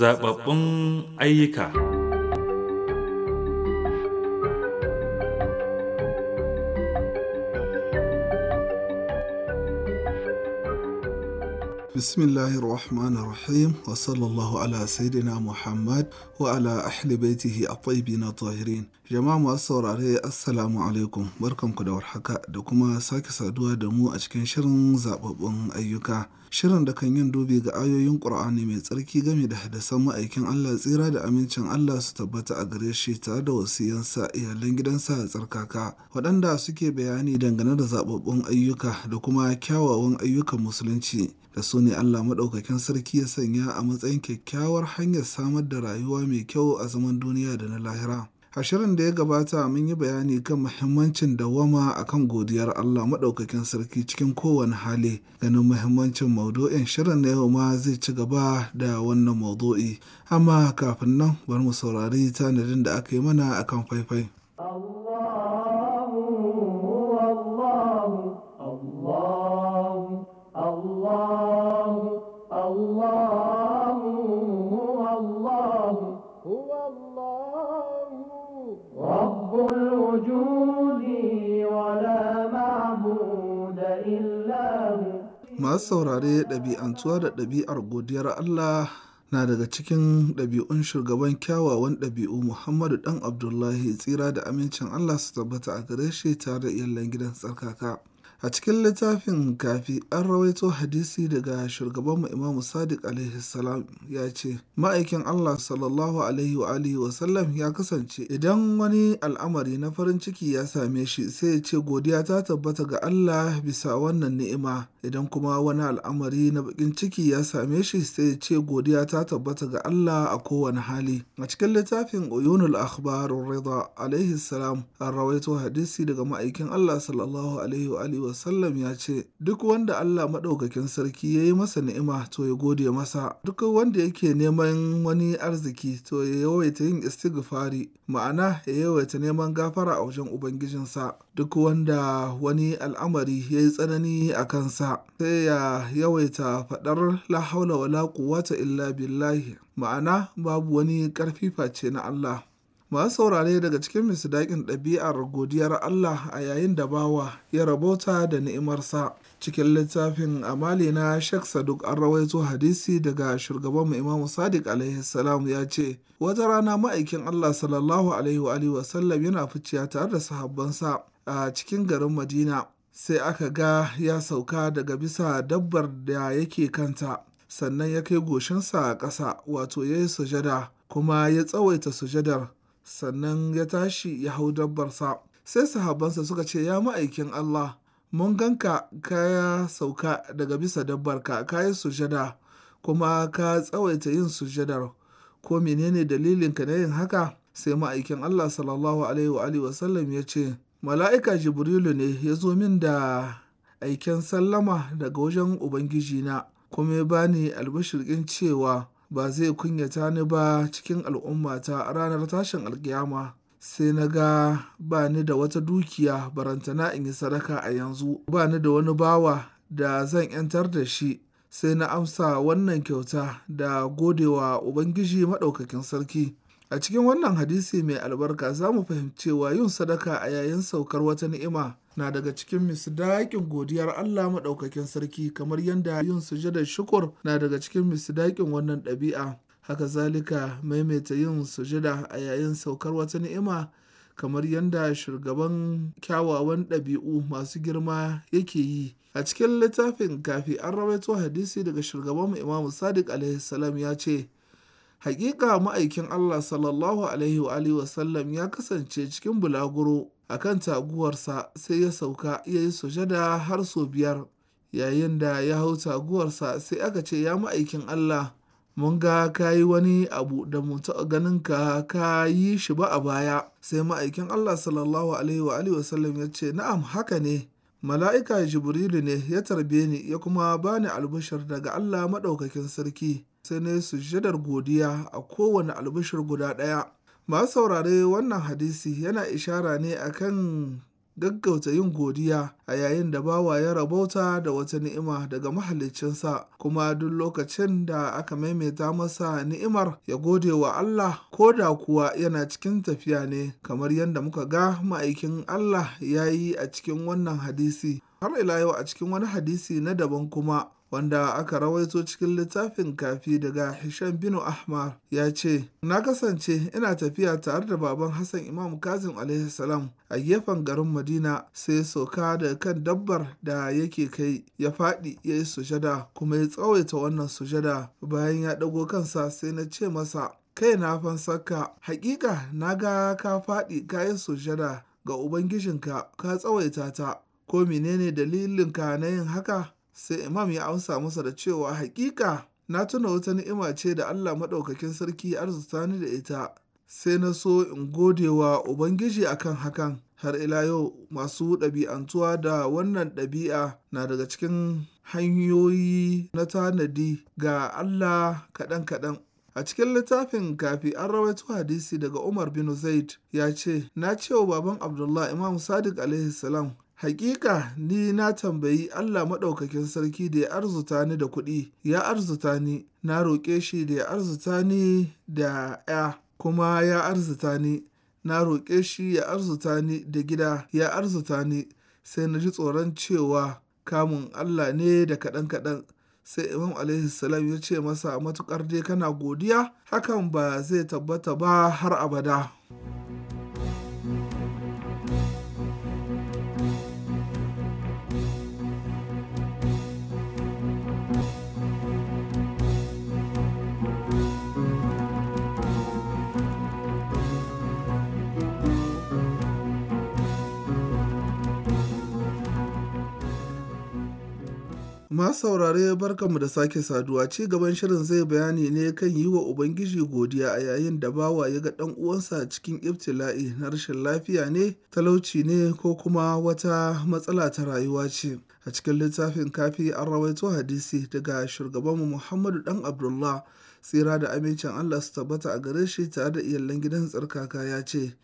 zababbun ayyuka. bismillahir rahmanir rahim wa sallallahu ala sayyidina muhammad wa ala ahli baitihi at-tayyibin tahirin jama'a masu saurare assalamu alaikum barkanku da warhaka da kuma sake saduwa da mu a cikin shirin zababbun ayyuka shirin da kan yin dubi ga ayoyin qur'ani mai tsarki game da hadasan ma'aikin Allah tsira da amincin Allah su tabbata a gare shi tare da wasiyansa iyalan gidansa a tsarkaka waɗanda suke bayani dangane da zababbun ayyuka da kuma kyawawan ayyukan musulunci da su ne Allah maɗaukakin sarki ya sanya a matsayin kyakkyawar hanyar samar da rayuwa mai kyau a zaman duniya da na lahira. A shirin da ya gabata mun yi bayani kan muhimmancin dawama a kan godiyar Allah maɗaukakin sarki cikin kowane hali ganin muhimmancin maudu'in shirin na yau ma zai ci gaba da wannan maudu'i. Amma kafin nan bari mu saurari tanadin da aka yi mana akan faifai. masu saurare ɗabi'antuwa da ɗabi'ar godiyar Allah na daga cikin ɗabi'un shugaban kyawawan ɗabi'u Muhammadu ɗan Abdullahi tsira da amincin Allah su tabbata a gare shi tare da iyalan gidan tsarkaka. A cikin littafin kafi an rawaito hadisi daga shugabanmu Imam Sadiq alaihi ya ce, Ma'aikin Allah sallallahu alaihi wa alihi ya kasance idan wani al'amari na farin ciki ya same shi sai ya ce godiya ta tabbata ga Allah bisa wannan ni'ima idan kuma wani al'amari na bakin ciki ya same shi sai ya ce godiya ta tabbata ga Allah a kowane hali. A cikin littafin Uyunul Akhbar Rida alaihi salam an rawaito hadisi daga ma'aikin Allah sallallahu alaihi wa alihi wasallam ya ce, Duk wanda Allah maɗaukakin sarki ya yi masa ni'ima to ya gode masa, duk wanda yake neman wani arziki to ya yawaita yin istighfari, ma'ana ya yawaita neman gafara a wajen Ubangijinsa, duk wanda wani al'amari ya yi tsanani a kansa, sai ya yawaita faɗar la haula wala quwwata illa billahi, ma'ana babu wani ƙarfi face na Allah. Masu saurare daga cikin misdaƙin ɗabi'ar godiyar Allah a yayin da bawa ya rabota da ni'imarsa. Cikin littafin amali na Sheikh Saduk an rawaito hadisi daga Shugaban Imamu Sadiq alaihi salam ya ce, Wata rana ma'aikin Allah sallallahu alaihi wa sallam yana ficiya tare da sahabbansa a cikin garin Madina. Sai aka ga ya sauka daga bisa dabbar da yake kanta, sannan ya kai goshinsa a ƙasa, wato ya yi sujada, kuma ya tsawaita sujadar. sannan ya tashi ya hau dabbarsa sai sahabansa suka ce ya ma'aikin Allah mun ganka ya sauka daga bisa dabbar ka yi sujada kuma ka tsawaita yin sujadar ko menene dalilinka na yin haka sai ma'aikin Allah sallallahu alaihi wa sallam ya ce mala'ika jibrilu ne ya zo min da aiken sallama daga wajen Ubangiji na. kuma ya bani albashirgin cewa ba zai kunyata ni ba cikin al'umma ta ranar tashin alkiyama sai na ga ba ni da wata dukiya barantana in yi sadaka a yanzu ba ni da wani bawa da zan 'yantar da shi sai na amsa wannan kyauta da godewa ubangiji maɗaukakin sarki a cikin wannan hadisi mai albarka za mu fahimci cewa yin sadaka a yayin saukar wata ni'ima na daga cikin misdaƙin godiyar Allah maɗaukakin sarki kamar yadda yin sujadar shukur na daga cikin misdaƙin wannan ɗabi'a haka zalika maimaita yin sujada a yayin saukar wata ni'ima kamar yadda shugaban kyawawan ɗabi'u masu girma yake yi a cikin littafin kafi an rawaito hadisi daga shugaban imamu sadiq alaihi ya ce hakika ma'aikin Allah sallallahu alaihi wa sallam ya kasance cikin bulaguro a kan taguwarsa sai ya sauka ya yi sujada har sau biyar yayin da ya hau taguwarsa sai aka ce ya ma'aikin Allah mun ga ka yi wani abu da mu taɓa ganin ka ka yi shi ba a baya sai ma'aikin Allah sallallahu alaihi wa sallam ya ce na'am haka ne Mala'ika Jibrilu ne ya tarbe ni ya kuma bani ni albishir daga Allah Maɗaukakin Sarki, sai na yi sujadar godiya a kowane albishir guda ɗaya. Ma saurare wannan hadisi yana ishara ne akan gaggauta yin godiya a yayin da bawa ya rabauta da wata ni'ima daga mahaliccinsa kuma duk lokacin da aka maimaita masa ni'imar ya gode wa Allah ko da kuwa yana cikin tafiya ne kamar yadda muka ga ma'aikin Allah ya yi a cikin wannan hadisi har ila yau a cikin wani hadisi na daban kuma wanda aka rawaito cikin littafin kafi daga Hisham bin Ahmar ya ce, Na kasance ina tafiya tare da baban Hassan Imam Kazim salam a gefen garin Madina sai soka da kan dabbar da yake kai ya faɗi ya yi sujada kuma ya tsawaita wannan sujada bayan ya ɗago kansa sai na ce masa kai na fansaka hakika na ga ka faɗi ka yi sujada ga Ubangijinka ka tsawaita ta ko menene dalilinka na yin haka sai imam ya amsa masa da cewa hakika na tuna wata ni'ima ce da allah maɗaukakin sarki ya arzuta ni da ita sai na so in gode wa ubangiji akan hakan har ila yau masu ɗabi'antuwa da wannan ɗabi'a na daga cikin hanyoyi na tanadi ga allah kaɗan-kaɗan A cikin littafin kafi an rawaito hadisi daga Umar bin Zaid ya ce, Na cewa baban Abdullah Imam Sadiq alaihi Haƙiƙa ni na tambayi Allah Maɗaukakin Sarki da ya arzuta ni da kuɗi, ya arzuta ni, na roƙe shi da ya arzuta ni da ‘ya, kuma ya arzuta ni, na roƙe shi ya arzuta ni da gida, ya arzuta ni, sai na ji tsoron cewa kamun Allah ne da kaɗan-kaɗan. sai imam alaihi salam ya ce masa matukar dai kana godiya hakan ba zai tabbata ba har abada ma saurare barkanmu da sake saduwa ci gaban shirin zai bayani ne kan yi wa Ubangiji godiya a yayin da bawa ya ga ɗan uwansa cikin ibtila'i na rashin lafiya ne, talauci ne ko kuma wata matsala ta rayuwa ce. A cikin littafin kafi an rawaito hadisi daga shugabanmu Muhammadu ɗan Abdullah tsira da amincin Allah su tabbata a gare shi tare da iyalan gidan tsarkaka ya ce,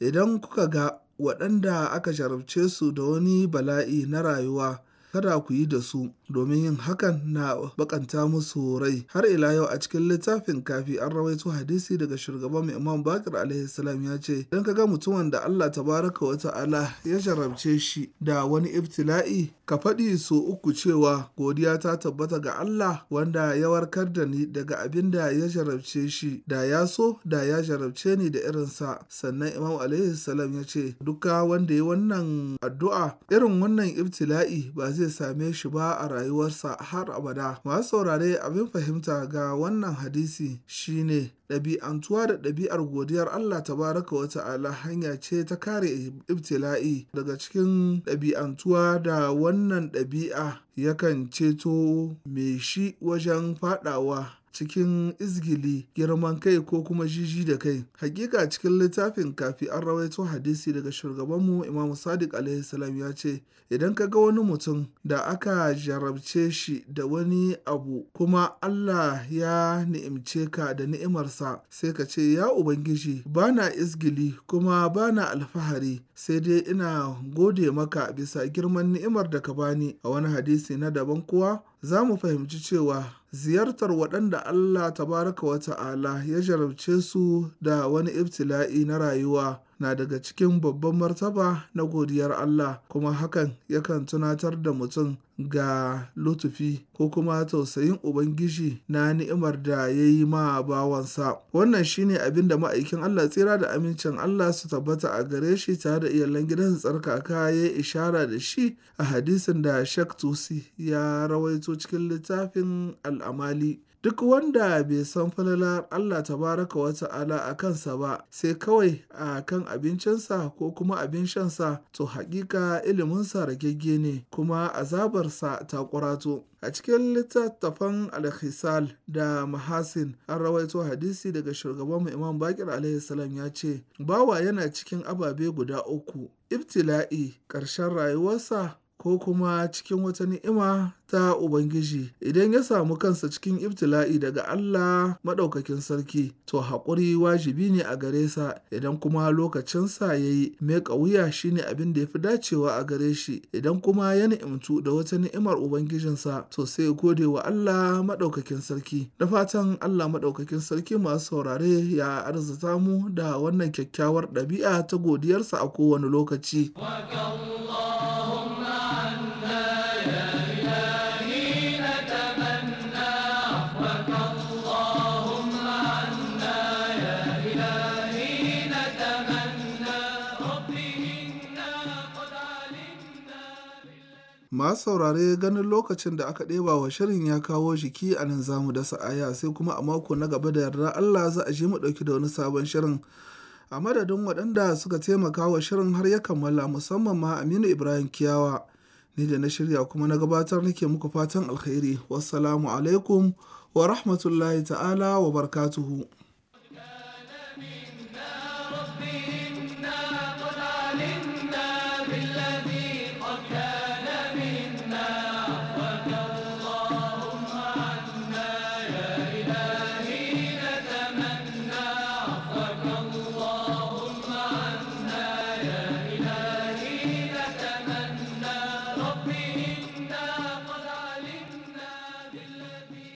Idan kuka ga waɗanda aka jarabce su da wani bala'i na rayuwa kada ku yi da su domin yin hakan na bakanta musu rai har ila yau a cikin littafin kafi an rawaito hadisi daga shugaban imam bakir alaihi salam ya ce idan ka ga mutumin da allah tabaraka wa ta'ala ya jarabce shi da wani ibtila'i ka faɗi so uku cewa godiya ta tabbata ga allah wanda ya warkar da ni daga abin da ya jarabce shi da ya so da ya jarabce ni da irinsa sannan imam alaihi salam ya ce duka wanda ya wannan addu'a irin wannan ibtila'i ba zai same shi ba a rayuwarsa har abada masu saurare abin fahimta ga wannan hadisi shine ɗabi'antuwa da ɗabi'ar godiyar Allah ta baraka wa ta'ala hanya ce ta kare ibtila'i daga cikin ɗabi'antuwa da wannan ɗabi'a yakan ceto mai shi wajen faɗawa cikin izgili girman kai ko kuma jiji da kai hakika cikin littafin kafi an rawaito hadisi daga shugabanmu imamu sadiq alaihi ya ce idan ka ga wani mutum da aka jarabce shi da wani abu kuma allah ya ni'imce ka da ni'imarsa sai ka ce ya ubangiji bana izgili kuma bana alfahari sai dai ina gode maka bisa girman ni'imar da ka bani a wani hadisi na daban kuwa za mu fahimci cewa ziyartar waɗanda Allah tabaraka wa ta'ala ya jarabce su da wani ibtila'i na rayuwa na daga cikin babban martaba na godiyar Allah kuma hakan yakan tunatar da mutum ga lutufi ko kuma tausayin Ubangiji na ni'imar da ya yi ma bawansa. Wannan shine abin da ma'aikin Allah tsira da amincin Allah su tabbata a gare shi tare da iyalan gidan tsarkaka ya yi ishara da shi a hadisin da shaktusi ya rawaito cikin littafin al'amali. Duk wanda bai san falalar Allah ta baraka wata ala" a kansa ba sai kawai a kan abincinsa ko kuma abin shansa to haƙiƙa iliminsa ragegge ne kuma azabarsa ta ƙurato. A cikin littattafan Alkhisal da Mahasin an rawaito hadisi daga shugaban mu Imam Bakir alaihi salam ya ce, Bawa yana cikin ababe guda uku, ibtila'i ƙarshen rayuwarsa ko kuma cikin wata ni'ima ta Ubangiji idan ya samu kansa cikin ibtila'i daga Allah maɗaukakin sarki to haƙuri wajibi ne a gare sa idan kuma lokacinsa ya yi mai ƙauya shi ne abin da ya fi dacewa a gare shi idan kuma ya ni'imtu da wata ni'imar Ubangijinsa to sai gode wa Allah maɗaukakin sarki da fatan Allah maɗaukakin sarki masu saurare ya arzata mu da wannan kyakkyawar ɗabi'a ta godiyarsa a kowane lokaci. ma saurare ganin lokacin da aka ɗeba wa shirin ya kawo jiki a nan zamu dasa aya sai kuma a mako na gaba da yarda Allah za a je mu ɗauki da wani sabon shirin. A madadin waɗanda suka taimaka wa shirin har ya kammala musamman ma Aminu Ibrahim Kiyawa. Ni da na shirya kuma na gabatar nake muku fatan alkhairi. Wassalamu alaikum wa rahmatullahi ta'ala wa barkatuhu.